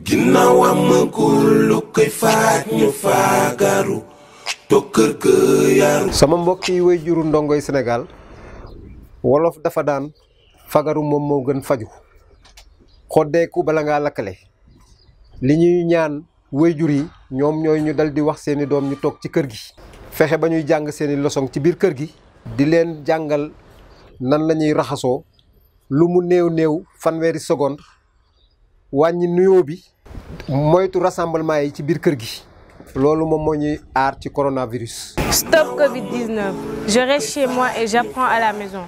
ginnaaw sama mbokk yi way juru ndongoy Sénégal wolof dafa daan fagaru moom moo gën faju xoddeeku bala ngaa lakkale li ñuy ñaan wey jur yi ñoom ñooy ñu dal di wax seeni doom ñu toog ci kër gi fexe ba ñuy jàng seeni leçon ci biir kër gi di leen jàngal nan lañuy raxasoo lu mu néew néew fanweeri seconde wàññi nuyoo bi oh. moytu rassemblement yi ci biir kër gi loolu moom moo ñuy aar ci coronavirus. Stop Covid-19. Je reste chez moi et j'apprends à la maison.